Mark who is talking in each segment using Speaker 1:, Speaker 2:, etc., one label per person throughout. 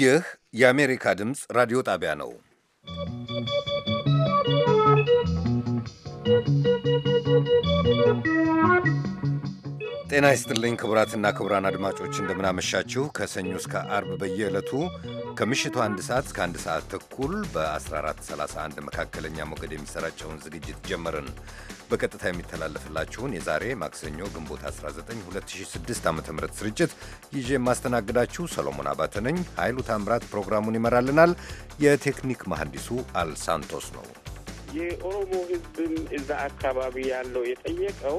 Speaker 1: ይህ የአሜሪካ ድምፅ ራዲዮ ጣቢያ ነው። ጤና ይስጥልኝ ክቡራትና ክቡራን አድማጮች እንደምናመሻችሁ። ከሰኞ እስከ አርብ በየዕለቱ ከምሽቱ አንድ ሰዓት እስከ አንድ ሰዓት ተኩል በ1431 መካከለኛ ሞገድ የሚሰራጨውን ዝግጅት ጀመርን። በቀጥታ የሚተላለፍላችሁን የዛሬ ማክሰኞ ግንቦት 19 2006 ዓ ም ስርጭት ይዤ የማስተናግዳችሁ ሰሎሞን አባተ ነኝ። ኃይሉ ታምራት ፕሮግራሙን ይመራልናል። የቴክኒክ መሐንዲሱ አልሳንቶስ ነው።
Speaker 2: የኦሮሞ ሕዝብም እዛ አካባቢ ያለው የጠየቀው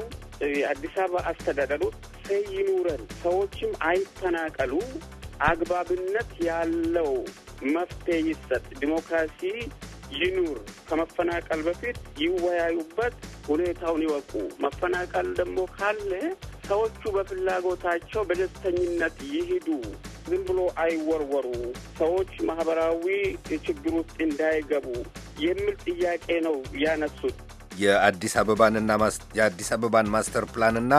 Speaker 2: የአዲስ አበባ አስተዳደሩ ሰይኑረን ሰዎችም አይፈናቀሉ፣ አግባብነት ያለው መፍትሄ ይሰጥ፣ ዲሞክራሲ ሊኑር ከመፈናቀል በፊት ይወያዩበት፣ ሁኔታውን ይወቁ። መፈናቀል ደግሞ ካለ ሰዎቹ በፍላጎታቸው በደስተኝነት ይሂዱ፣ ዝም ብሎ አይወርወሩ፣ ሰዎች ማህበራዊ ችግር ውስጥ እንዳይገቡ የሚል ጥያቄ ነው ያነሱት።
Speaker 1: የአዲስ አበባን ማስተር ፕላንና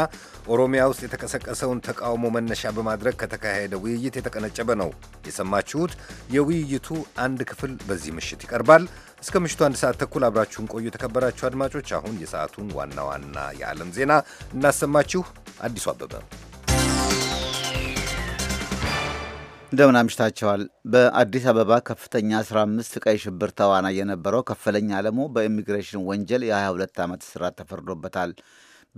Speaker 1: ኦሮሚያ ውስጥ የተቀሰቀሰውን ተቃውሞ መነሻ በማድረግ ከተካሄደ ውይይት የተቀነጨበ ነው የሰማችሁት። የውይይቱ አንድ ክፍል በዚህ ምሽት ይቀርባል። እስከ ምሽቱ አንድ ሰዓት ተኩል አብራችሁን ቆዩ። የተከበራችሁ አድማጮች፣ አሁን የሰዓቱን ዋና ዋና የዓለም ዜና እናሰማችሁ። አዲሱ አበበ
Speaker 3: እንደምን አምሽታቸዋል። በአዲስ አበባ ከፍተኛ 15 ቀይ ሽብር ተዋናይ የነበረው ከፍለኛ አለሙ በኢሚግሬሽን ወንጀል የ22 ዓመት እስራት ተፈርዶበታል።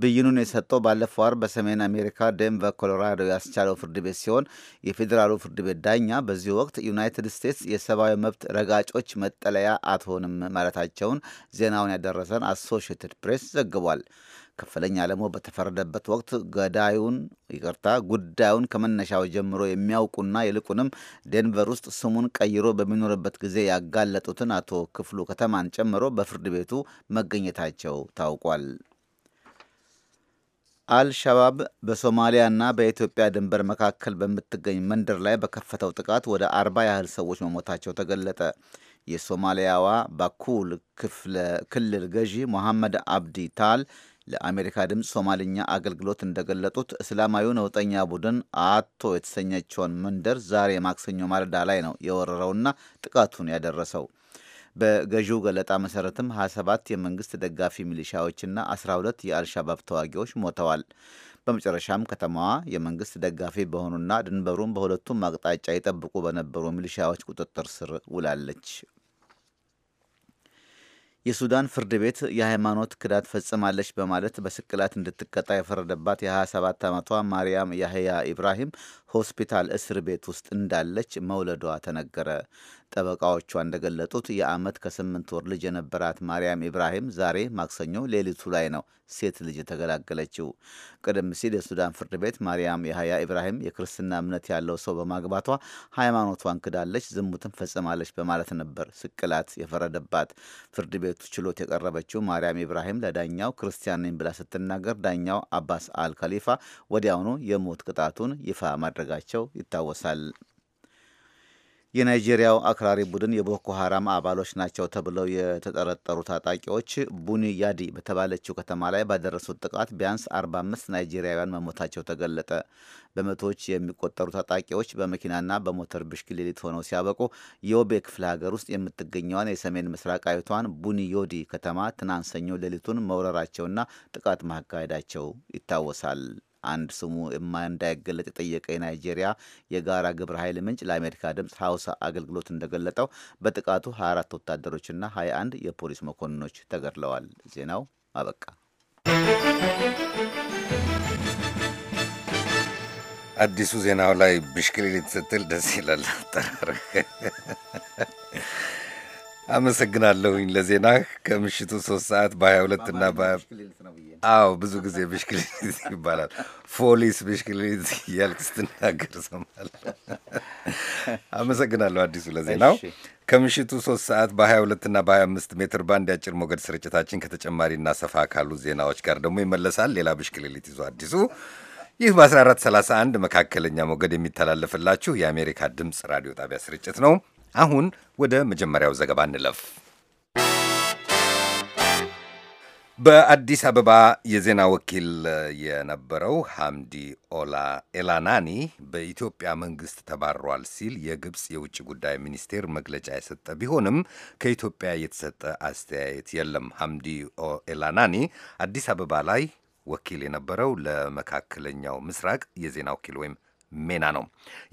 Speaker 3: ብይኑን የሰጠው ባለፈው ወር በሰሜን አሜሪካ ዴንቨር ኮሎራዶ ያስቻለው ፍርድ ቤት ሲሆን የፌዴራሉ ፍርድ ቤት ዳኛ በዚህ ወቅት ዩናይትድ ስቴትስ የሰብአዊ መብት ረጋጮች መጠለያ አትሆንም ማለታቸውን ዜናውን ያደረሰን አሶሽትድ ፕሬስ ዘግቧል። ክፍለኛ አለሞ በተፈረደበት ወቅት ገዳዩን ይቅርታ ጉዳዩን ከመነሻው ጀምሮ የሚያውቁና ይልቁንም ዴንቨር ውስጥ ስሙን ቀይሮ በሚኖርበት ጊዜ ያጋለጡትን አቶ ክፍሉ ከተማን ጨምሮ በፍርድ ቤቱ መገኘታቸው ታውቋል። አልሸባብ በሶማሊያና በኢትዮጵያ ድንበር መካከል በምትገኝ መንደር ላይ በከፈተው ጥቃት ወደ አርባ ያህል ሰዎች መሞታቸው ተገለጠ። የሶማሊያዋ ባኩል ክፍለ ክልል ገዢ ሞሐመድ አብዲ ታል ለአሜሪካ ድምፅ ሶማልኛ አገልግሎት እንደገለጡት እስላማዊ ነውጠኛ ቡድን አቶ የተሰኘችውን መንደር ዛሬ ማክሰኞ ማለዳ ላይ ነው የወረረውና ጥቃቱን ያደረሰው። በገዢው ገለጣ መሰረትም 27 የመንግስት ደጋፊ ሚሊሻዎችና 12 የአልሻባብ ተዋጊዎች ሞተዋል። በመጨረሻም ከተማዋ የመንግስት ደጋፊ በሆኑና ድንበሩን በሁለቱም አቅጣጫ ይጠብቁ በነበሩ ሚሊሻዎች ቁጥጥር ስር ውላለች። የሱዳን ፍርድ ቤት የሃይማኖት ክዳት ፈጽማለች በማለት በስቅላት እንድትቀጣ የፈረደባት የ27 ዓመቷ ማርያም ያህያ ኢብራሂም ሆስፒታል እስር ቤት ውስጥ እንዳለች መውለዷ ተነገረ። ጠበቃዎቿ እንደገለጡት የዓመት ከስምንት ወር ልጅ የነበራት ማርያም ኢብራሂም ዛሬ ማክሰኞ ሌሊቱ ላይ ነው ሴት ልጅ የተገላገለችው። ቀደም ሲል የሱዳን ፍርድ ቤት ማርያም የሀያ ኢብራሂም የክርስትና እምነት ያለው ሰው በማግባቷ ሃይማኖቷን ክዳለች፣ ዝሙትን ፈጽማለች በማለት ነበር ስቅላት የፈረደባት። ፍርድ ቤቱ ችሎት የቀረበችው ማርያም ኢብራሂም ለዳኛው ክርስቲያን ነኝ ብላ ስትናገር ዳኛው አባስ አል ከሊፋ ወዲያውኑ የሞት ቅጣቱን ይፋ ማድረግ ማድረጋቸው ይታወሳል። የናይጄሪያው አክራሪ ቡድን የቦኮ ሀራም አባሎች ናቸው ተብለው የተጠረጠሩ ታጣቂዎች ቡኒ ያዲ በተባለችው ከተማ ላይ ባደረሱት ጥቃት ቢያንስ 45 ናይጄሪያውያን መሞታቸው ተገለጠ። በመቶዎች የሚቆጠሩ ታጣቂዎች በመኪናና በሞተር ብስክሌት ሆነው ሲያበቁ የኦቤ ክፍለ ሀገር ውስጥ የምትገኘዋን የሰሜን ምስራቃዊቷን ቡኒ ዮዲ ከተማ ትናንት ሰኞ ሌሊቱን መውረራቸውና ጥቃት ማካሄዳቸው ይታወሳል። አንድ ስሙ እንዳይገለጥ የጠየቀ የናይጄሪያ የጋራ ግብረ ኃይል ምንጭ ለአሜሪካ ድምፅ ሀውሳ አገልግሎት እንደገለጠው በጥቃቱ 24 ወታደሮችና 21 የፖሊስ መኮንኖች ተገድለዋል። ዜናው አበቃ።
Speaker 1: አዲሱ ዜናው ላይ ብሽክሌት ስትል ደስ ይላል። አመሰግናለሁኝ ለዜናህ። ከምሽቱ ሶስት ሰዓት በሀያ ሁለት እና አዎ፣ ብዙ ጊዜ ብሽክሌት ይባላል። ፎሊስ ብሽክሌት እያልክ ስትናገር ሰማል። አመሰግናለሁ አዲሱ ለዜናው። ከምሽቱ ሶስት ሰዓት በሀያ ሁለት እና በሀያ አምስት ሜትር ባንድ የአጭር ሞገድ ስርጭታችን ከተጨማሪና ሰፋ ካሉ ዜናዎች ጋር ደግሞ ይመለሳል። ሌላ ብሽክሌት ይዞ አዲሱ ይህ በ1431 መካከለኛ ሞገድ የሚተላለፍላችሁ የአሜሪካ ድምፅ ራዲዮ ጣቢያ ስርጭት ነው። አሁን ወደ መጀመሪያው ዘገባ እንለፍ። በአዲስ አበባ የዜና ወኪል የነበረው ሐምዲ ኦላ ኤላናኒ በኢትዮጵያ መንግስት ተባሯል ሲል የግብፅ የውጭ ጉዳይ ሚኒስቴር መግለጫ የሰጠ ቢሆንም ከኢትዮጵያ የተሰጠ አስተያየት የለም። ሐምዲ ኤላናኒ አዲስ አበባ ላይ ወኪል የነበረው ለመካከለኛው ምስራቅ የዜና ወኪል ወይም ሜና ነው።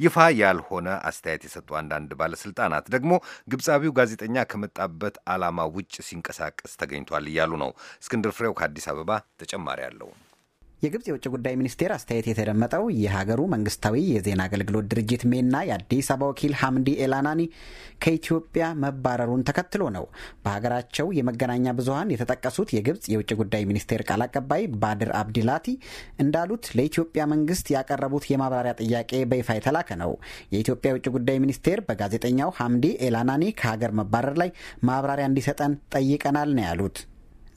Speaker 1: ይፋ ያልሆነ አስተያየት የሰጡ አንዳንድ ባለስልጣናት ደግሞ ግብፃዊው ጋዜጠኛ ከመጣበት ዓላማ ውጭ ሲንቀሳቀስ ተገኝቷል እያሉ ነው። እስክንድር ፍሬው ከአዲስ አበባ ተጨማሪ አለው።
Speaker 4: የግብጽ የውጭ ጉዳይ ሚኒስቴር አስተያየት የተደመጠው የሀገሩ መንግስታዊ የዜና አገልግሎት ድርጅት ሜና የአዲስ አበባ ወኪል ሀምዲ ኤላናኒ ከኢትዮጵያ መባረሩን ተከትሎ ነው። በሀገራቸው የመገናኛ ብዙሀን የተጠቀሱት የግብጽ የውጭ ጉዳይ ሚኒስቴር ቃል አቀባይ ባድር አብዲላቲ እንዳሉት ለኢትዮጵያ መንግስት ያቀረቡት የማብራሪያ ጥያቄ በይፋ የተላከ ነው። የኢትዮጵያ የውጭ ጉዳይ ሚኒስቴር በጋዜጠኛው ሀምዲ ኤላናኒ ከሀገር መባረር ላይ ማብራሪያ እንዲሰጠን ጠይቀናል ነው ያሉት።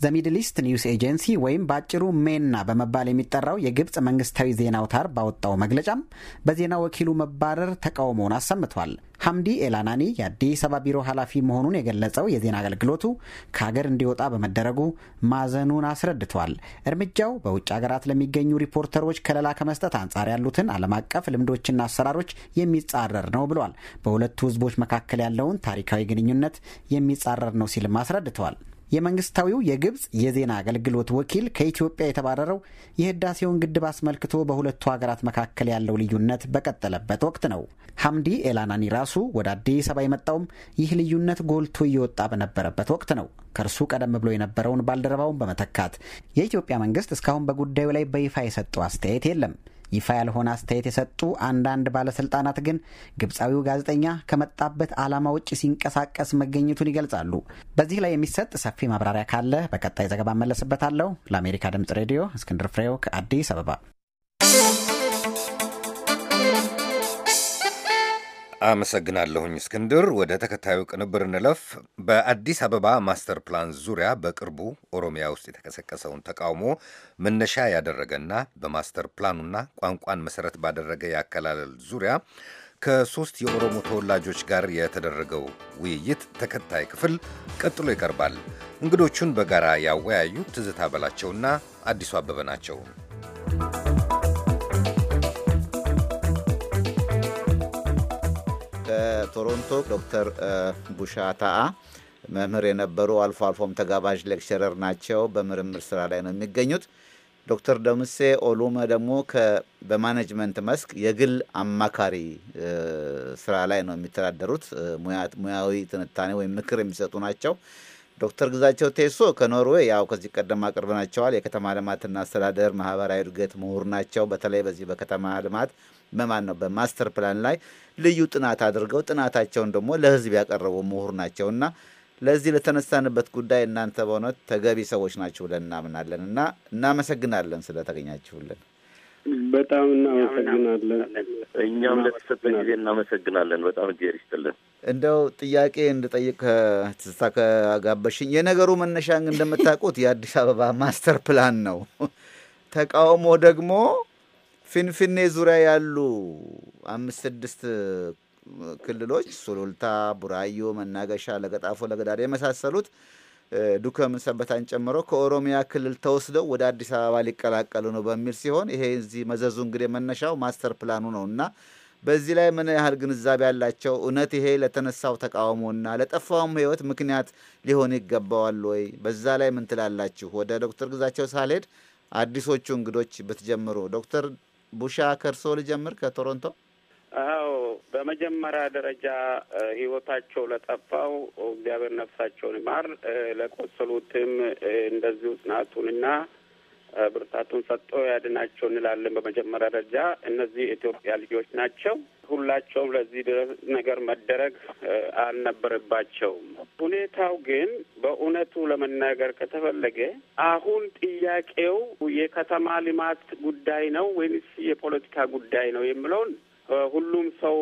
Speaker 4: ዘሚድሊስት ኢስት ኒውስ ኤጀንሲ ወይም በአጭሩ ሜና በመባል የሚጠራው የግብፅ መንግስታዊ ዜና አውታር ባወጣው መግለጫም በዜና ወኪሉ መባረር ተቃውሞውን አሰምቷል። ሐምዲ ኤላናኒ የአዲስ አበባ ቢሮ ኃላፊ መሆኑን የገለጸው የዜና አገልግሎቱ ከሀገር እንዲወጣ በመደረጉ ማዘኑን አስረድቷል። እርምጃው በውጭ ሀገራት ለሚገኙ ሪፖርተሮች ከለላ ከመስጠት አንጻር ያሉትን ዓለም አቀፍ ልምዶችና አሰራሮች የሚጻረር ነው ብሏል። በሁለቱ ህዝቦች መካከል ያለውን ታሪካዊ ግንኙነት የሚጻረር ነው ሲልም አስረድተዋል። የመንግስታዊው የግብፅ የዜና አገልግሎት ወኪል ከኢትዮጵያ የተባረረው የህዳሴውን ግድብ አስመልክቶ በሁለቱ ሀገራት መካከል ያለው ልዩነት በቀጠለበት ወቅት ነው። ሐምዲ ኤላናኒ ራሱ ወደ አዲስ አበባ የመጣውም ይህ ልዩነት ጎልቶ እየወጣ በነበረበት ወቅት ነው። ከእርሱ ቀደም ብሎ የነበረውን ባልደረባውን በመተካት የኢትዮጵያ መንግስት እስካሁን በጉዳዩ ላይ በይፋ የሰጠው አስተያየት የለም። ይፋ ያልሆነ አስተያየት የሰጡ አንዳንድ ባለስልጣናት ግን ግብፃዊው ጋዜጠኛ ከመጣበት ዓላማ ውጭ ሲንቀሳቀስ መገኘቱን ይገልጻሉ። በዚህ ላይ የሚሰጥ ሰፊ ማብራሪያ ካለ በቀጣይ ዘገባ መለስበታለሁ። ለአሜሪካ ድምጽ ሬዲዮ እስክንድር ፍሬው ከአዲስ አበባ
Speaker 1: አመሰግናለሁኝ እስክንድር። ወደ ተከታዩ ቅንብር እንለፍ። በአዲስ አበባ ማስተር ፕላን ዙሪያ በቅርቡ ኦሮሚያ ውስጥ የተቀሰቀሰውን ተቃውሞ መነሻ ያደረገና በማስተር ፕላኑና ቋንቋን መሰረት ባደረገ ያከላለል ዙሪያ ከሶስት የኦሮሞ ተወላጆች ጋር የተደረገው ውይይት ተከታይ ክፍል ቀጥሎ ይቀርባል። እንግዶቹን በጋራ ያወያዩ ትዝታ በላቸውና አዲሱ አበበ ናቸው።
Speaker 3: ቶሮንቶ ዶክተር ቡሻታአ መምህር የነበሩ አልፎ አልፎም ተጋባዥ ሌክቸረር ናቸው። በምርምር ስራ ላይ ነው የሚገኙት። ዶክተር ደምሴ ኦሉመ ደግሞ በማኔጅመንት መስክ የግል አማካሪ ስራ ላይ ነው የሚተዳደሩት። ሙያዊ ትንታኔ ወይም ምክር የሚሰጡ ናቸው። ዶክተር ግዛቸው ቴሶ ከኖርዌይ ያው ከዚህ ቀደም አቅርበናቸዋል። የከተማ ልማትና አስተዳደር ማህበራዊ እድገት ምሁር ናቸው። በተለይ በዚህ በከተማ ልማት በማን ነው በማስተር ፕላን ላይ ልዩ ጥናት አድርገው ጥናታቸውን ደግሞ ለህዝብ ያቀረቡ ምሁር ናቸውና ለዚህ ለተነሳንበት ጉዳይ እናንተ በእውነት ተገቢ ሰዎች ናችሁ ብለን እናምናለን እና እናመሰግናለን ስለተገኛችሁልን።
Speaker 5: በጣም እናመሰግናለን። እኛም ለተሰጠን ጊዜ እናመሰግናለን። በጣም እግዜር ይስጥልን።
Speaker 3: እንደው ጥያቄ እንድጠይቅ ትዝታ ከጋበሽኝ፣ የነገሩ መነሻ እንደምታውቁት የአዲስ አበባ ማስተር ፕላን ነው። ተቃውሞ ደግሞ ፊንፊኔ ዙሪያ ያሉ አምስት ስድስት ክልሎች ሱሉልታ፣ ቡራዮ፣ መናገሻ፣ ለገጣፎ፣ ለገዳደ የመሳሰሉት ዱከም ሰበታን ጨምሮ ከኦሮሚያ ክልል ተወስደው ወደ አዲስ አበባ ሊቀላቀሉ ነው በሚል ሲሆን ይሄ እዚህ መዘዙ እንግዲህ መነሻው ማስተር ፕላኑ ነው እና በዚህ ላይ ምን ያህል ግንዛቤ ያላቸው እውነት ይሄ ለተነሳው ተቃውሞና ለጠፋውም ህይወት ምክንያት ሊሆን ይገባዋል ወይ? በዛ ላይ ምን ትላላችሁ? ወደ ዶክተር ግዛቸው ሳልሄድ አዲሶቹ እንግዶች ብትጀምሩ ዶክተር ቡሻ ከእርሶ ልጀምር ከቶሮንቶ።
Speaker 2: አዎ በመጀመሪያ ደረጃ ህይወታቸው ለጠፋው እግዚአብሔር ነፍሳቸውን ይማር፣ ለቆሰሉትም እንደዚሁ ጽናቱንና ብርታቱን ሰጥቶ ያድናቸው እንላለን። በመጀመሪያ ደረጃ እነዚህ የኢትዮጵያ ልጆች ናቸው። ሁላቸውም ለዚህ ነገር መደረግ አልነበረባቸውም። ሁኔታው ግን በእውነቱ ለመናገር ከተፈለገ አሁን ጥያቄው የከተማ ልማት ጉዳይ ነው ወይንስ የፖለቲካ ጉዳይ ነው የሚለውን ሁሉም ሰው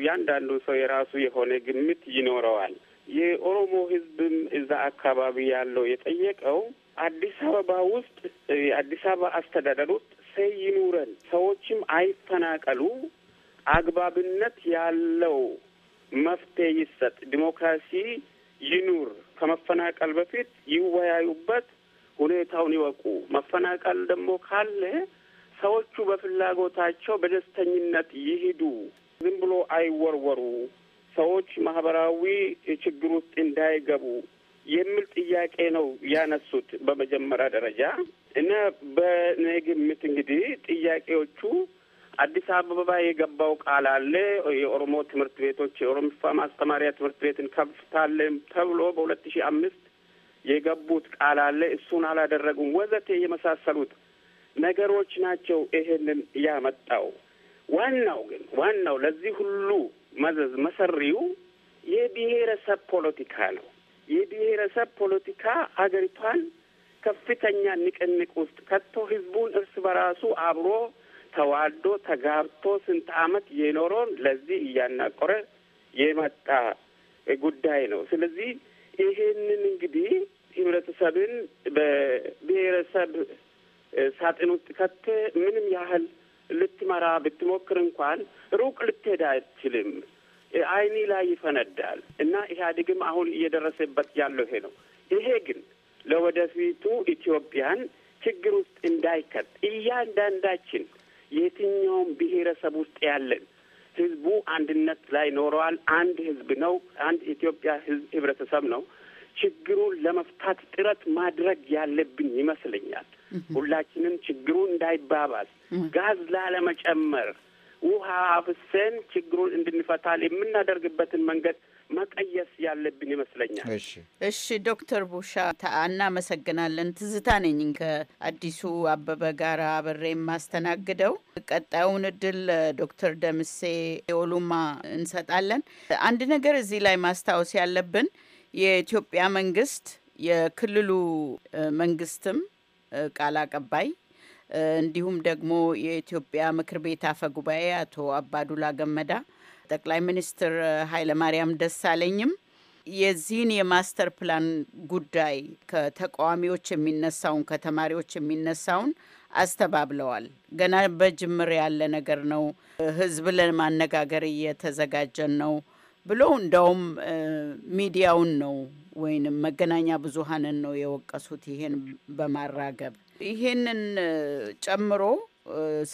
Speaker 2: እያንዳንዱ ሰው የራሱ የሆነ ግምት ይኖረዋል። የኦሮሞ ሕዝብም እዛ አካባቢ ያለው የጠየቀው አዲስ አበባ ውስጥ አዲስ አበባ አስተዳደር ውስጥ ሰይ ይኑረን፣ ሰዎችም አይፈናቀሉ፣ አግባብነት ያለው መፍትሄ ይሰጥ፣ ዲሞክራሲ ይኑር። ከመፈናቀል በፊት ይወያዩበት፣ ሁኔታውን ይወቁ። መፈናቀል ደግሞ ካለ ሰዎቹ በፍላጎታቸው በደስተኝነት ይሂዱ፣ ዝም ብሎ አይወርወሩ፣ ሰዎች ማህበራዊ ችግር ውስጥ እንዳይገቡ የሚል ጥያቄ ነው ያነሱት በመጀመሪያ ደረጃ እና በእኔ ግምት እንግዲህ ጥያቄዎቹ አዲስ አበባ የገባው ቃል አለ። የኦሮሞ ትምህርት ቤቶች የኦሮምፋ ማስተማሪያ ትምህርት ቤትን ከፍታለን ተብሎ በሁለት ሺ አምስት የገቡት ቃል አለ። እሱን አላደረጉም ወዘቴ የመሳሰሉት ነገሮች ናቸው ይሄንን ያመጣው። ዋናው ግን ዋናው ለዚህ ሁሉ መዘዝ መሰሪው የብሔረሰብ ፖለቲካ ነው። የብሔረሰብ ፖለቲካ አገሪቷን ከፍተኛ ንቅንቅ ውስጥ ከቶ ህዝቡን እርስ በራሱ አብሮ ተዋዶ ተጋብቶ ስንት አመት የኖረውን ለዚህ እያናቆረ የመጣ ጉዳይ ነው። ስለዚህ ይሄንን እንግዲህ ህብረተሰብን በብሔረሰብ ሳጥን ውስጥ ከት ምንም ያህል ልትመራ ብትሞክር እንኳን ሩቅ ልትሄድ አይችልም። አይኒ ላይ ይፈነዳል እና ኢህአዴግም አሁን እየደረሰበት ያለው ይሄ ነው። ይሄ ግን ለወደፊቱ ኢትዮጵያን ችግር ውስጥ እንዳይከት እያንዳንዳችን የትኛውም ብሔረሰብ ውስጥ ያለን ህዝቡ አንድነት ላይ ኖረዋል። አንድ ህዝብ ነው። አንድ ኢትዮጵያ ህዝብ ህብረተሰብ ነው። ችግሩን ለመፍታት ጥረት ማድረግ ያለብን ይመስለኛል። ሁላችንም ችግሩ እንዳይባባስ ጋዝ ላለመጨመር ውሃ አፍሰን ችግሩን እንድንፈታል የምናደርግበትን መንገድ መቀየስ ያለብን ይመስለኛል።
Speaker 6: እሺ ዶክተር ቡሻ እናመሰግናለን። ትዝታ ነኝ ከአዲሱ አበበ ጋር አብሬ የማስተናግደው። ቀጣዩን እድል ዶክተር ደምሴ ኦሉማ እንሰጣለን። አንድ ነገር እዚህ ላይ ማስታወስ ያለብን የኢትዮጵያ መንግስት የክልሉ መንግስትም ቃል አቀባይ እንዲሁም ደግሞ የኢትዮጵያ ምክር ቤት አፈ ጉባኤ አቶ አባዱላ ገመዳ ጠቅላይ ሚኒስትር ኃይለማርያም ደሳለኝም የዚህን የማስተር ፕላን ጉዳይ ከተቃዋሚዎች የሚነሳውን ከተማሪዎች የሚነሳውን አስተባብለዋል። ገና በጅምር ያለ ነገር ነው፣ ህዝብ ለማነጋገር እየተዘጋጀን ነው ብሎ እንደውም ሚዲያውን ነው ወይንም መገናኛ ብዙሃንን ነው የወቀሱት። ይሄን በማራገብ ይሄንን ጨምሮ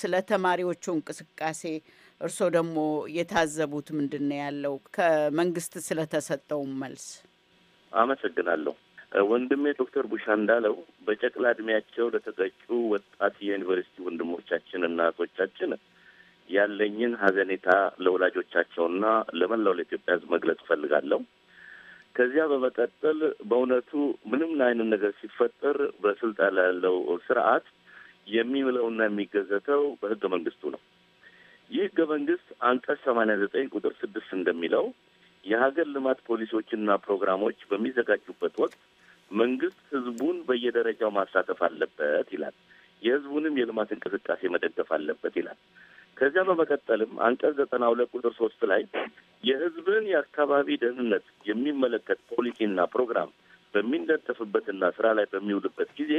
Speaker 6: ስለ ተማሪዎቹ እንቅስቃሴ እርስዎ ደግሞ የታዘቡት ምንድን ነው ያለው ከመንግስት ስለተሰጠውም መልስ?
Speaker 5: አመሰግናለሁ። ወንድሜ ዶክተር ቡሻ እንዳለው በጨቅላ እድሜያቸው ለተጠጩ ወጣት የዩኒቨርሲቲ ወንድሞቻችን እና እህቶቻችን ያለኝን ሀዘኔታ ለወላጆቻቸውና ለመላው ለኢትዮጵያ ሕዝብ መግለጽ እፈልጋለሁ። ከዚያ በመቀጠል በእውነቱ ምንም አይነት ነገር ሲፈጠር በስልጣን ላይ ስርዓት የሚምለውና የሚገዘተው በህገ መንግስቱ ነው። ይህ ህገ መንግስት አንቀጽ ሰማንያ ዘጠኝ ቁጥር ስድስት እንደሚለው የሀገር ልማት ፖሊሲዎችና ፕሮግራሞች በሚዘጋጁበት ወቅት መንግስት ህዝቡን በየደረጃው ማሳተፍ አለበት ይላል። የህዝቡንም የልማት እንቅስቃሴ መደገፍ አለበት ይላል። ከዚያ በመቀጠልም አንቀጽ ዘጠና ሁለት ቁጥር ሶስት ላይ የህዝብን የአካባቢ ደህንነት የሚመለከት ፖሊሲና ፕሮግራም በሚነደፍበትና ስራ ላይ በሚውልበት ጊዜ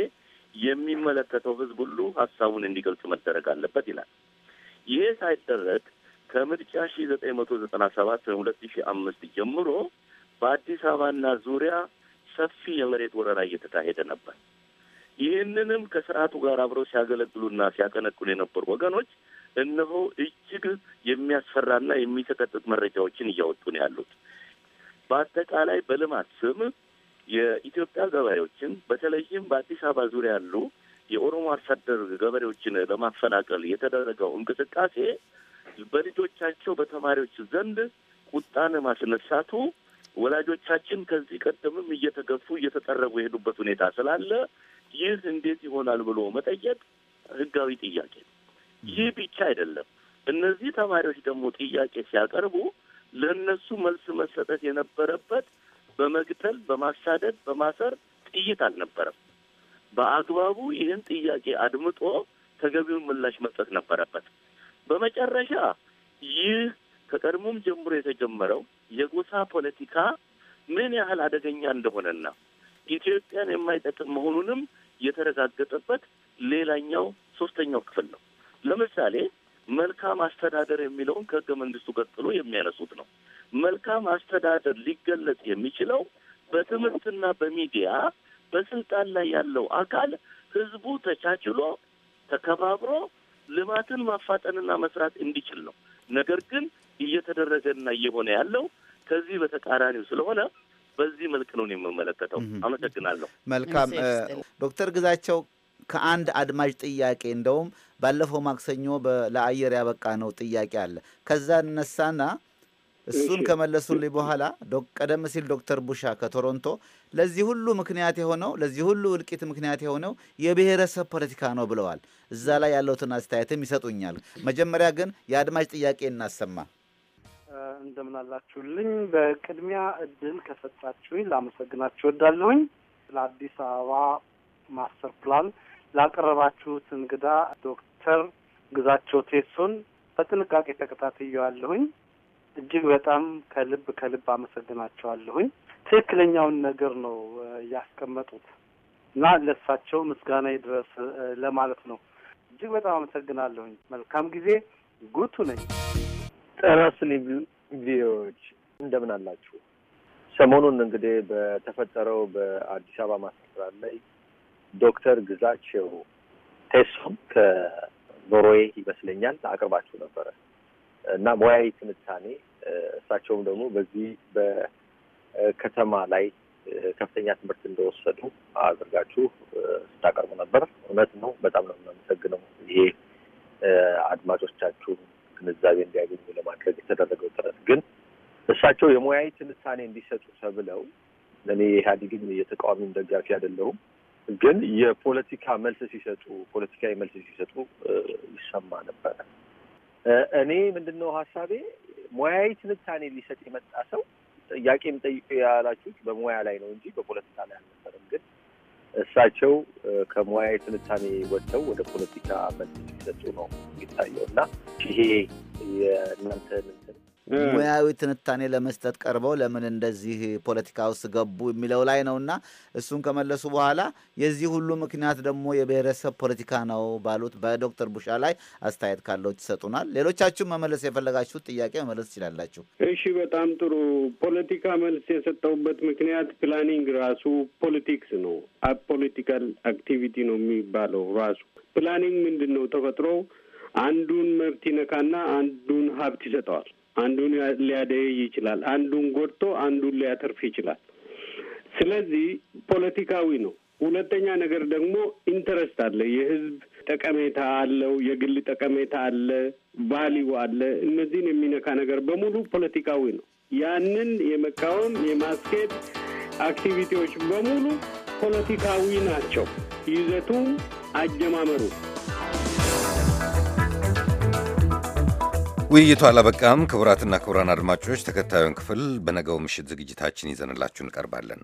Speaker 5: የሚመለከተው ህዝብ ሁሉ ሀሳቡን እንዲገልጽ መደረግ አለበት ይላል። ይሄ ሳይደረግ ከምርጫ ሺ ዘጠኝ መቶ ዘጠና ሰባት ሁለት ሺ አምስት ጀምሮ በአዲስ አበባና ዙሪያ ሰፊ የመሬት ወረራ እየተካሄደ ነበር። ይህንንም ከስርዓቱ ጋር አብረው ሲያገለግሉና ሲያቀነቅሉ የነበሩ ወገኖች እነሆ እጅግ የሚያስፈራና የሚሰቀጥጥ መረጃዎችን እያወጡ ነው ያሉት። በአጠቃላይ በልማት ስም የኢትዮጵያ ገበሬዎችን በተለይም በአዲስ አበባ ዙሪያ ያሉ የኦሮሞ አርሶ ገበሬዎችን ለማፈናቀል የተደረገው እንቅስቃሴ በልጆቻቸው በተማሪዎች ዘንድ ቁጣን ማስነሳቱ ወላጆቻችን ከዚህ ቀደምም እየተገፉ እየተጠረጉ የሄዱበት ሁኔታ ስላለ ይህ እንዴት ይሆናል ብሎ መጠየቅ ህጋዊ ጥያቄ ነው። ይህ ብቻ አይደለም። እነዚህ ተማሪዎች ደግሞ ጥያቄ ሲያቀርቡ ለእነሱ መልስ መሰጠት የነበረበት በመግደል፣ በማሳደድ፣ በማሰር ጥይት አልነበረም። በአግባቡ ይህን ጥያቄ አድምጦ ተገቢውን ምላሽ መስጠት ነበረበት። በመጨረሻ ይህ ከቀድሞም ጀምሮ የተጀመረው የጎሳ ፖለቲካ ምን ያህል አደገኛ እንደሆነና ኢትዮጵያን የማይጠቅም መሆኑንም የተረጋገጠበት ሌላኛው ሶስተኛው ክፍል ነው። ለምሳሌ መልካም አስተዳደር የሚለውን ከህገ መንግስቱ ቀጥሎ የሚያነሱት ነው። መልካም አስተዳደር ሊገለጽ የሚችለው በትምህርትና በሚዲያ በስልጣን ላይ ያለው አካል ህዝቡ ተቻችሎ ተከባብሮ ልማትን ማፋጠንና መስራት እንዲችል ነው። ነገር ግን እየተደረገና እየሆነ ያለው ከዚህ በተቃራኒው ስለሆነ በዚህ መልክ ነው የምመለከተው። አመሰግናለሁ። መልካም
Speaker 3: ዶክተር ግዛቸው ከአንድ አድማጭ ጥያቄ እንደውም ባለፈው ማክሰኞ ለአየር ያበቃ ነው ጥያቄ አለ ከዛ እነሳና እሱን ከመለሱልኝ በኋላ ቀደም ሲል ዶክተር ቡሻ ከቶሮንቶ ለዚህ ሁሉ ምክንያት የሆነው ለዚህ ሁሉ እልቂት ምክንያት የሆነው የብሔረሰብ ፖለቲካ ነው ብለዋል። እዛ ላይ ያለውትን አስተያየትም ይሰጡኛል። መጀመሪያ ግን የአድማጭ ጥያቄ እናሰማ።
Speaker 2: እንደምናላችሁልኝ በቅድሚያ እድል ከሰጣችሁኝ ላመሰግናችሁ ወዳለሁኝ ለአዲስ አበባ ማስተር ፕላን ላቀረባችሁት እንግዳ ዶክተር ግዛቸው ቴሶን በጥንቃቄ ተከታትየዋለሁኝ። እጅግ በጣም ከልብ ከልብ አመሰግናቸዋለሁኝ። ትክክለኛውን ነገር ነው ያስቀመጡት
Speaker 5: እና ለሳቸው ምስጋና ድረስ ለማለት ነው። እጅግ በጣም
Speaker 7: አመሰግናለሁኝ። መልካም ጊዜ። ጉቱ ነኝ። ጤና ይስጥልኝ ቪዎች እንደምን አላችሁ? ሰሞኑን እንግዲህ በተፈጠረው በአዲስ አበባ ማስተዳደር ላይ ዶክተር ግዛቸው ቴሶም ከኖርዌይ ይመስለኛል አቅርባችሁ ነበረ። እና ሙያዊ ትንታኔ እሳቸውም ደግሞ በዚህ በከተማ ላይ ከፍተኛ ትምህርት እንደወሰዱ አድርጋችሁ ስታቀርቡ ነበር። እውነት ነው። በጣም ነው የምናመሰግነው። ይሄ አድማጮቻችሁ ግንዛቤ እንዲያገኙ ለማድረግ የተደረገው ጥረት ግን እሳቸው የሙያዊ ትንታኔ እንዲሰጡ ተብለው ለእኔ የኢህአዴግም የተቃዋሚም ደጋፊ አይደለሁም፣ ግን የፖለቲካ መልስ ሲሰጡ ፖለቲካዊ መልስ ሲሰጡ ይሰማ ነበረ። እኔ ምንድን ነው ሀሳቤ ሙያዊ ትንታኔ ሊሰጥ የመጣ ሰው ጥያቄ የምጠይቅ ያላችሁት በሙያ ላይ ነው እንጂ በፖለቲካ ላይ አልነበረም። ግን እሳቸው ከሙያዊ ትንታኔ ወጥተው ወደ ፖለቲካ መልስ ሲሰጡ ነው የሚታየው እና ይሄ የእናንተን
Speaker 3: ሙያዊ ትንታኔ ለመስጠት ቀርበው ለምን እንደዚህ ፖለቲካ ውስጥ ገቡ የሚለው ላይ ነው እና እሱን ከመለሱ በኋላ የዚህ ሁሉ ምክንያት ደግሞ የብሔረሰብ ፖለቲካ ነው ባሉት በዶክተር ቡሻ ላይ አስተያየት ካለው ይሰጡናል። ሌሎቻችሁ መመለስ የፈለጋችሁት ጥያቄ መመለስ ትችላላችሁ።
Speaker 7: እሺ፣
Speaker 2: በጣም ጥሩ። ፖለቲካ መልስ የሰጠውበት ምክንያት ፕላኒንግ ራሱ ፖለቲክስ ነው፣ ፖለቲካል አክቲቪቲ ነው የሚባለው ራሱ ፕላኒንግ ምንድን ነው? ተፈጥሮ አንዱን መብት ይነካና አንዱን ሀብት ይሰጠዋል። አንዱን ሊያደይ ይችላል። አንዱን ጎድቶ አንዱን ሊያተርፍ ይችላል። ስለዚህ ፖለቲካዊ ነው። ሁለተኛ ነገር ደግሞ ኢንተረስት አለ። የህዝብ ጠቀሜታ አለው፣ የግል ጠቀሜታ አለ፣ ቫሊዩ አለ። እነዚህን የሚነካ ነገር በሙሉ ፖለቲካዊ ነው። ያንን የመቃወም የማስኬድ አክቲቪቲዎች በሙሉ ፖለቲካዊ ናቸው። ይዘቱም አጀማመሩ
Speaker 1: ውይይቱ አላበቃም። ክቡራትና ክቡራን አድማጮች ተከታዩን ክፍል በነገው ምሽት ዝግጅታችን ይዘንላችሁ እንቀርባለን።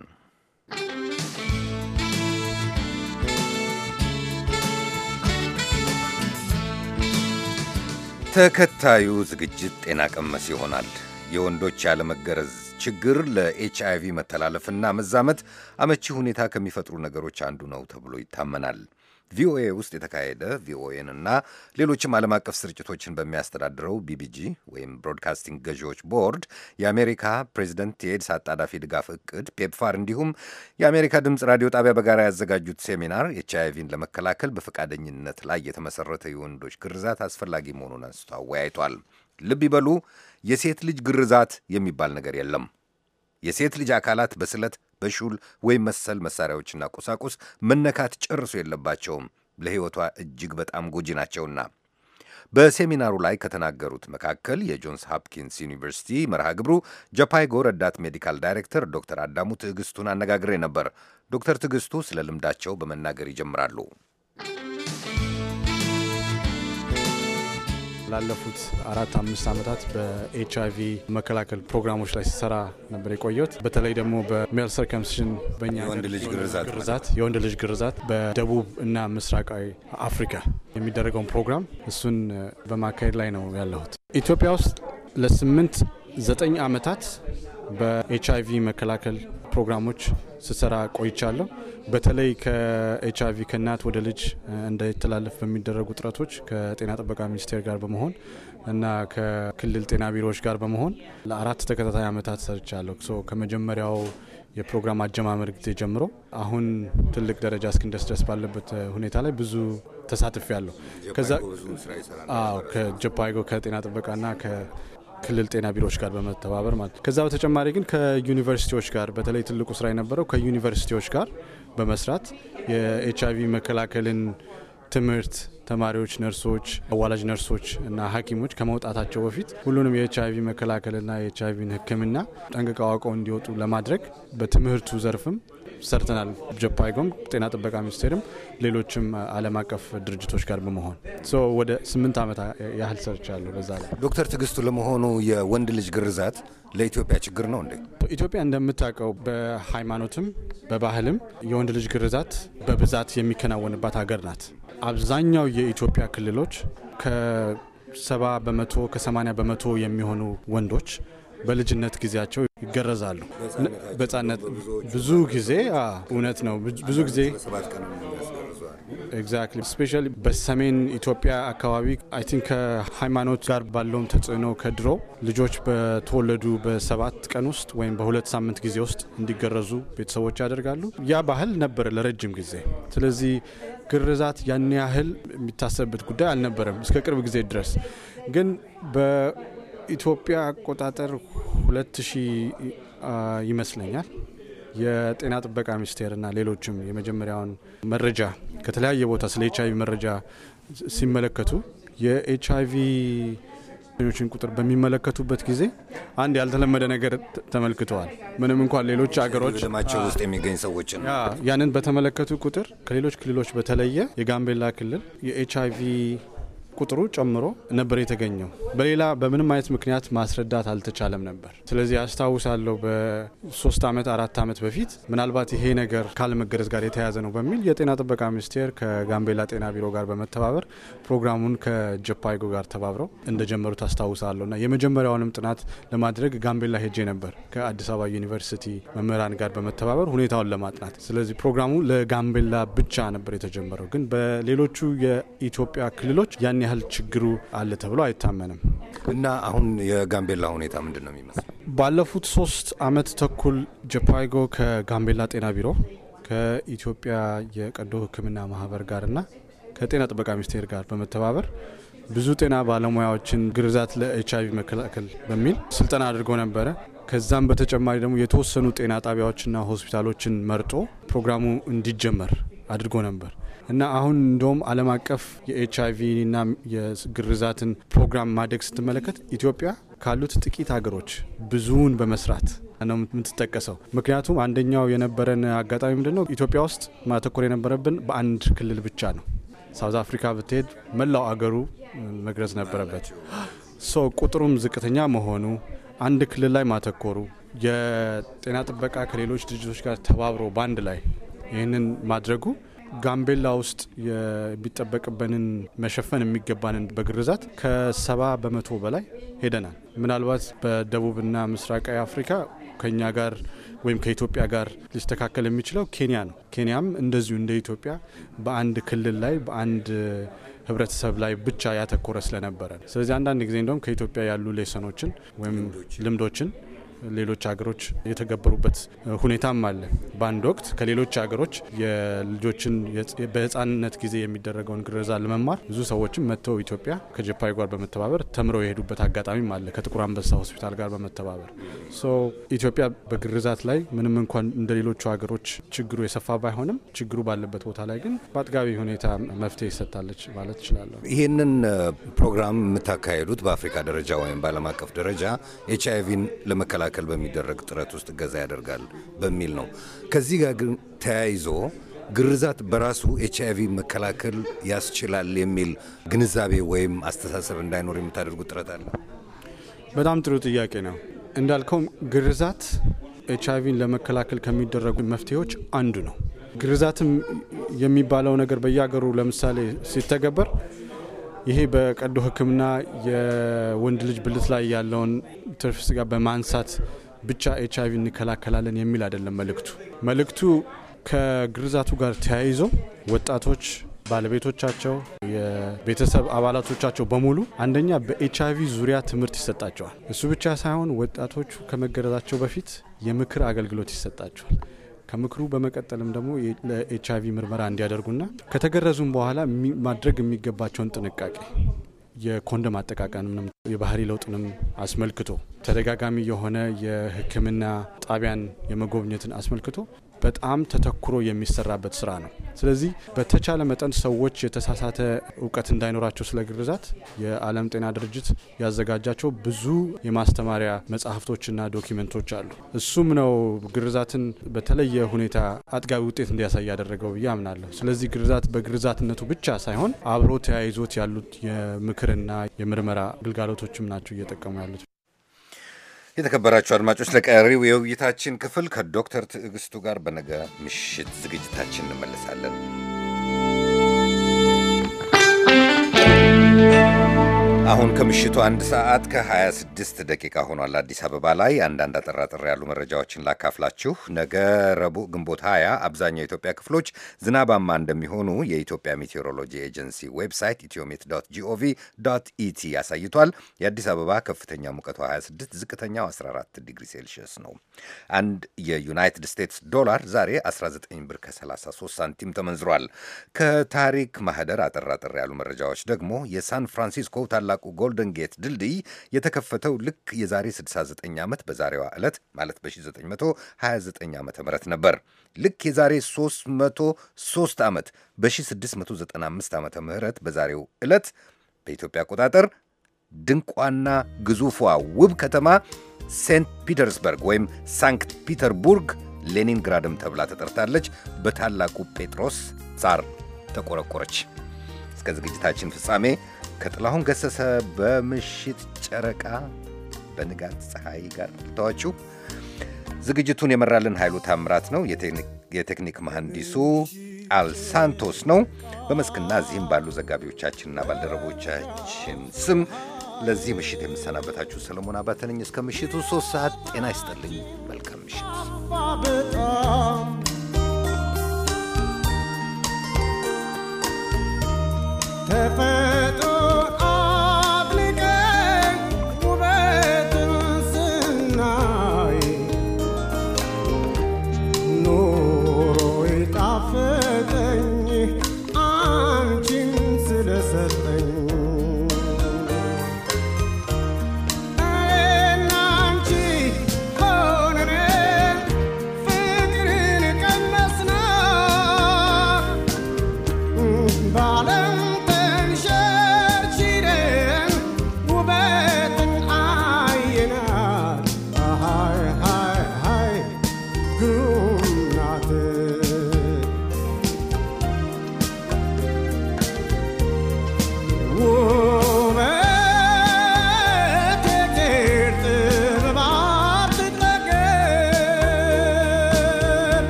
Speaker 1: ተከታዩ ዝግጅት ጤና ቀመስ ይሆናል። የወንዶች ያለመገረዝ ችግር ለኤች አይቪ መተላለፍና መዛመት አመቺ ሁኔታ ከሚፈጥሩ ነገሮች አንዱ ነው ተብሎ ይታመናል። ቪኦኤ ውስጥ የተካሄደ እና ሌሎችም ዓለም አቀፍ ስርጭቶችን በሚያስተዳድረው ቢቢጂ ወይም ብሮድካስቲንግ ገዢዎች ቦርድ የአሜሪካ ፕሬዚደንት የኤድስ አጣዳፊ ድጋፍ እቅድ ፔፕፋር፣ እንዲሁም የአሜሪካ ድምፅ ራዲዮ ጣቢያ በጋራ ያዘጋጁት ሴሚናር ኤች አይ ለመከላከል በፈቃደኝነት ላይ የተመሰረተ የወንዶች ግርዛት አስፈላጊ መሆኑን አንስቶ አወያይቷል። ልብ ይበሉ፣ የሴት ልጅ ግርዛት የሚባል ነገር የለም። የሴት ልጅ አካላት በስለት በሹል ወይም መሰል መሳሪያዎችና ቁሳቁስ መነካት ጨርሶ የለባቸውም ለሕይወቷ እጅግ በጣም ጎጂ ናቸውና። በሴሚናሩ ላይ ከተናገሩት መካከል የጆንስ ሃፕኪንስ ዩኒቨርሲቲ መርሃ ግብሩ ጃፓይጎ ረዳት ሜዲካል ዳይሬክተር ዶክተር አዳሙ ትዕግስቱን አነጋግሬ ነበር። ዶክተር ትዕግስቱ ስለ ልምዳቸው በመናገር ይጀምራሉ።
Speaker 8: ላለፉት አራት አምስት ዓመታት በኤች አይቪ መከላከል ፕሮግራሞች ላይ ስሰራ ነበር የቆየሁት። በተለይ ደግሞ በሜል ሰርከምሽን በእኛ ግርዛት የወንድ ልጅ ግርዛት በደቡብ እና ምስራቃዊ አፍሪካ የሚደረገውን ፕሮግራም እሱን በማካሄድ ላይ ነው ያለሁት። ኢትዮጵያ ውስጥ ለስምንት ዘጠኝ ዓመታት በኤች አይቪ መከላከል ፕሮግራሞች ስሰራ ቆይቻለሁ። በተለይ ከኤች አይቪ ከእናት ወደ ልጅ እንዳይተላለፍ በሚደረጉ ጥረቶች ከጤና ጥበቃ ሚኒስቴር ጋር በመሆን እና ከክልል ጤና ቢሮዎች ጋር በመሆን ለአራት ተከታታይ ዓመታት ሰርቻለሁ። ከመጀመሪያው የፕሮግራም አጀማመር ጊዜ ጀምሮ አሁን ትልቅ ደረጃ እስክንደስደስ ባለበት ሁኔታ ላይ ብዙ ተሳትፍ ያለሁ ከጀፓይጎ ከጤና ጥበቃና ክልል ጤና ቢሮዎች ጋር በመተባበር ማለት ከዛ በተጨማሪ ግን ከዩኒቨርሲቲዎች ጋር በተለይ ትልቁ ስራ የነበረው ከዩኒቨርሲቲዎች ጋር በመስራት የኤች አይቪ መከላከልን ትምህርት ተማሪዎች፣ ነርሶች፣ አዋላጅ ነርሶች እና ሐኪሞች ከመውጣታቸው በፊት ሁሉንም የኤች አይቪ መከላከልና የኤች አይቪን ሕክምና ጠንቅቀው አውቀው እንዲወጡ ለማድረግ በትምህርቱ ዘርፍም ሰርተናል። ጀፓይጎም፣ ጤና ጥበቃ ሚኒስቴርም፣ ሌሎችም ዓለም አቀፍ ድርጅቶች ጋር በመሆን ወደ ስምንት
Speaker 1: ዓመት ያህል ሰርቻለሁ በዛ ላይ። ዶክተር ትግስቱ ለመሆኑ የወንድ ልጅ ግርዛት ለኢትዮጵያ ችግር ነው እንዴ?
Speaker 8: ኢትዮጵያ እንደምታውቀው በሃይማኖትም በባህልም የወንድ ልጅ ግርዛት በብዛት የሚከናወንባት ሀገር ናት። አብዛኛው የኢትዮጵያ ክልሎች ከሰባ በመቶ ከሰማኒያ በመቶ የሚሆኑ ወንዶች በልጅነት ጊዜያቸው ይገረዛሉ። በጻነት ብዙ ጊዜ እውነት ነው። ብዙ ጊዜ ኤግዛክትሊ ስፔሻሊ በሰሜን ኢትዮጵያ አካባቢ አይ ቲንክ ከሃይማኖት ጋር ባለውም ተጽዕኖ ከድሮ ልጆች በተወለዱ በሰባት ቀን ውስጥ ወይም በሁለት ሳምንት ጊዜ ውስጥ እንዲገረዙ ቤተሰቦች ያደርጋሉ። ያ ባህል ነበር ለረጅም ጊዜ። ስለዚህ ግርዛት ያን ያህል የሚታሰብበት ጉዳይ አልነበረም እስከ ቅርብ ጊዜ ድረስ ግን ኢትዮጵያ አቆጣጠር ሁለት ሺህ ይመስለኛል የጤና ጥበቃ ሚኒስቴርና ሌሎችም የመጀመሪያውን መረጃ ከተለያየ ቦታ ስለ ኤች አይቪ መረጃ ሲመለከቱ የኤች አይቪ ኞችን ቁጥር በሚመለከቱበት ጊዜ አንድ ያልተለመደ ነገር ተመልክተዋል። ምንም እንኳን ሌሎች አገሮች ደማቸው ውስጥ
Speaker 1: የሚገኝ ሰዎች
Speaker 8: ያንን በተመለከቱ ቁጥር ከሌሎች ክልሎች በተለየ የጋምቤላ ክልል የኤች አይቪ ቁጥሩ ጨምሮ ነበር የተገኘው። በሌላ በምንም አይነት ምክንያት ማስረዳት አልተቻለም ነበር። ስለዚህ አስታውሳለሁ በሶስት ዓመት አራት ዓመት በፊት ምናልባት ይሄ ነገር ካለመገረዝ ጋር የተያያዘ ነው በሚል የጤና ጥበቃ ሚኒስቴር ከጋምቤላ ጤና ቢሮ ጋር በመተባበር ፕሮግራሙን ከጀፓይጎ ጋር ተባብረው እንደጀመሩት አስታውሳለሁ እና የመጀመሪያውንም ጥናት ለማድረግ ጋምቤላ ሄጄ ነበር ከአዲስ አበባ ዩኒቨርሲቲ መምህራን ጋር በመተባበር ሁኔታውን ለማጥናት። ስለዚህ ፕሮግራሙ ለጋምቤላ ብቻ ነበር የተጀመረው፣ ግን በሌሎቹ የኢትዮጵያ ክልሎች ያን ያህል ችግሩ አለ ተብሎ አይታመንም እና አሁን የጋምቤላ ሁኔታ ምንድን ነው የሚመስለው? ባለፉት ሶስት አመት ተኩል ጀፓይጎ ከጋምቤላ ጤና ቢሮ ከኢትዮጵያ የቀዶ ሕክምና ማህበር ጋርና ከጤና ጥበቃ ሚኒስቴር ጋር በመተባበር ብዙ ጤና ባለሙያዎችን ግርዛት ለኤች አይቪ መከላከል በሚል ስልጠና አድርጎ ነበረ። ከዛም በተጨማሪ ደግሞ የተወሰኑ ጤና ጣቢያዎችና ሆስፒታሎችን መርጦ ፕሮግራሙ እንዲጀመር አድርጎ ነበር። እና አሁን እንደውም ዓለም አቀፍ የኤች አይቪና የግርዛትን ፕሮግራም ማደግ ስትመለከት ኢትዮጵያ ካሉት ጥቂት ሀገሮች ብዙውን በመስራት ነው የምትጠቀሰው። ምክንያቱም አንደኛው የነበረን አጋጣሚ ምንድን ነው? ኢትዮጵያ ውስጥ ማተኮር የነበረብን በአንድ ክልል ብቻ ነው። ሳውዝ አፍሪካ ብትሄድ መላው አገሩ መግረዝ ነበረበት። ሶ ቁጥሩም ዝቅተኛ መሆኑ፣ አንድ ክልል ላይ ማተኮሩ፣ የጤና ጥበቃ ከሌሎች ድርጅቶች ጋር ተባብሮ በአንድ ላይ ይህንን ማድረጉ ጋምቤላ ውስጥ የሚጠበቅብንን መሸፈን የሚገባንን በግርዛት ከሰባ በመቶ በላይ ሄደናል። ምናልባት በደቡብና ምስራቃዊ አፍሪካ ከኛ ጋር ወይም ከኢትዮጵያ ጋር ሊስተካከል የሚችለው ኬንያ ነው። ኬንያም እንደዚሁ እንደ ኢትዮጵያ በአንድ ክልል ላይ በአንድ ህብረተሰብ ላይ ብቻ ያተኮረ ስለነበረ ስለዚህ አንዳንድ ጊዜ እንደውም ከኢትዮጵያ ያሉ ሌሰኖችን ወይም ልምዶችን ሌሎች ሀገሮች የተገበሩበት ሁኔታም አለ። በአንድ ወቅት ከሌሎች ሀገሮች የልጆችን በህፃንነት ጊዜ የሚደረገውን ግርዛት ለመማር ብዙ ሰዎችም መጥተው ኢትዮጵያ ከጀፓይ ጋር በመተባበር ተምረው የሄዱበት አጋጣሚም አለ። ከጥቁር አንበሳ ሆስፒታል ጋር በመተባበር ኢትዮጵያ በግርዛት ላይ ምንም እንኳን እንደ ሌሎቹ ሀገሮች ችግሩ የሰፋ ባይሆንም ችግሩ ባለበት ቦታ ላይ ግን በአጥጋቢ ሁኔታ መፍትሄ ይሰጣለች ማለት እችላለሁ።
Speaker 1: ይህንን ፕሮግራም የምታካሄዱት በአፍሪካ ደረጃ ወይም በዓለም አቀፍ ደረጃ ኤች አይቪን ለመከላከል በሚደረግ ጥረት ውስጥ እገዛ ያደርጋል በሚል ነው። ከዚህ ጋር ግን ተያይዞ ግርዛት በራሱ ኤች አይቪ መከላከል ያስችላል የሚል ግንዛቤ ወይም አስተሳሰብ እንዳይኖር የምታደርጉ ጥረት አለ?
Speaker 8: በጣም ጥሩ ጥያቄ ነው። እንዳልከውም ግርዛት ኤች አይቪን ለመከላከል ከሚደረጉ መፍትሄዎች አንዱ ነው። ግርዛትም የሚባለው ነገር በየሀገሩ ለምሳሌ ሲተገበር ይሄ በቀዶ ሕክምና የወንድ ልጅ ብልት ላይ ያለውን ትርፍ ስጋ በማንሳት ብቻ ኤች አይቪ እንከላከላለን የሚል አይደለም መልእክቱ። መልእክቱ ከግርዛቱ ጋር ተያይዞ ወጣቶች ባለቤቶቻቸው የቤተሰብ አባላቶቻቸው በሙሉ አንደኛ በኤች አይቪ ዙሪያ ትምህርት ይሰጣቸዋል። እሱ ብቻ ሳይሆን ወጣቶቹ ከመገረዛቸው በፊት የምክር አገልግሎት ይሰጣቸዋል። ከምክሩ በመቀጠልም ደግሞ ለኤች አይቪ ምርመራ እንዲያደርጉና ከተገረዙም በኋላ ማድረግ የሚገባቸውን ጥንቃቄ የኮንደም አጠቃቀምንም የባህሪ ለውጥንም አስመልክቶ ተደጋጋሚ የሆነ የሕክምና ጣቢያን የመጎብኘትን አስመልክቶ በጣም ተተኩሮ የሚሰራበት ስራ ነው። ስለዚህ በተቻለ መጠን ሰዎች የተሳሳተ እውቀት እንዳይኖራቸው ስለ ግርዛት የዓለም ጤና ድርጅት ያዘጋጃቸው ብዙ የማስተማሪያ መጽሐፍቶችና ዶኪመንቶች አሉ። እሱም ነው ግርዛትን በተለየ ሁኔታ አጥጋቢ ውጤት እንዲያሳይ ያደረገው ብዬ አምናለሁ። ስለዚህ ግርዛት በግርዛትነቱ ብቻ ሳይሆን አብሮ ተያይዞት ያሉት የምክርና የምርመራ ግልጋሎቶችም ናቸው እየጠቀሙ ያሉት።
Speaker 1: የተከበራችሁ አድማጮች ለቀሪው የውይይታችን ክፍል ከዶክተር ትዕግስቱ ጋር በነገ ምሽት ዝግጅታችን እንመለሳለን። አሁን ከምሽቱ አንድ ሰዓት ከ26 ደቂቃ ሆኗል። አዲስ አበባ ላይ አንዳንድ አጠራጠር ያሉ መረጃዎችን ላካፍላችሁ። ነገ ረቡዕ ግንቦት 20 አብዛኛው የኢትዮጵያ ክፍሎች ዝናባማ እንደሚሆኑ የኢትዮጵያ ሜቴሮሎጂ ኤጀንሲ ዌብሳይት ኢትዮሜት ጂኦቪ ኢቲ አሳይቷል። የአዲስ አበባ ከፍተኛ ሙቀቷ 26፣ ዝቅተኛው 14 ዲግሪ ሴልሺየስ ነው። አንድ የዩናይትድ ስቴትስ ዶላር ዛሬ 19 ብር ከ33 ሳንቲም ተመንዝሯል። ከታሪክ ማህደር አጠራጠር ያሉ መረጃዎች ደግሞ የሳን ፍራንሲስኮ ታላ ታላቁ ጎልደን ጌት ድልድይ የተከፈተው ልክ የዛሬ 69 ዓመት በዛሬዋ ዕለት ማለት በ1929 ዓ ም ነበር። ልክ የዛሬ 303 ዓመት በ1695 ዓ ም በዛሬው ዕለት በኢትዮጵያ አቆጣጠር ድንቋና ግዙፏ ውብ ከተማ ሴንት ፒተርስበርግ ወይም ሳንክት ፒተርቡርግ ሌኒንግራድም ተብላ ተጠርታለች። በታላቁ ጴጥሮስ ሳር ተቆረቆረች። እስከ ዝግጅታችን ፍጻሜ ከጥላሁን ገሰሰ በምሽት ጨረቃ በንጋት ፀሐይ ጋር ልተዋችሁ። ዝግጅቱን የመራልን ኃይሉ ታምራት ነው። የቴክኒክ መሐንዲሱ አልሳንቶስ ነው። በመስክና እዚህም ባሉ ዘጋቢዎቻችንና ባልደረቦቻችን ስም ለዚህ ምሽት የምሰናበታችሁ ሰለሞን አባተ ነኝ። እስከ ምሽቱ ሶስት ሰዓት ጤና ይስጥልኝ። መልካም ምሽት።
Speaker 9: ተፈ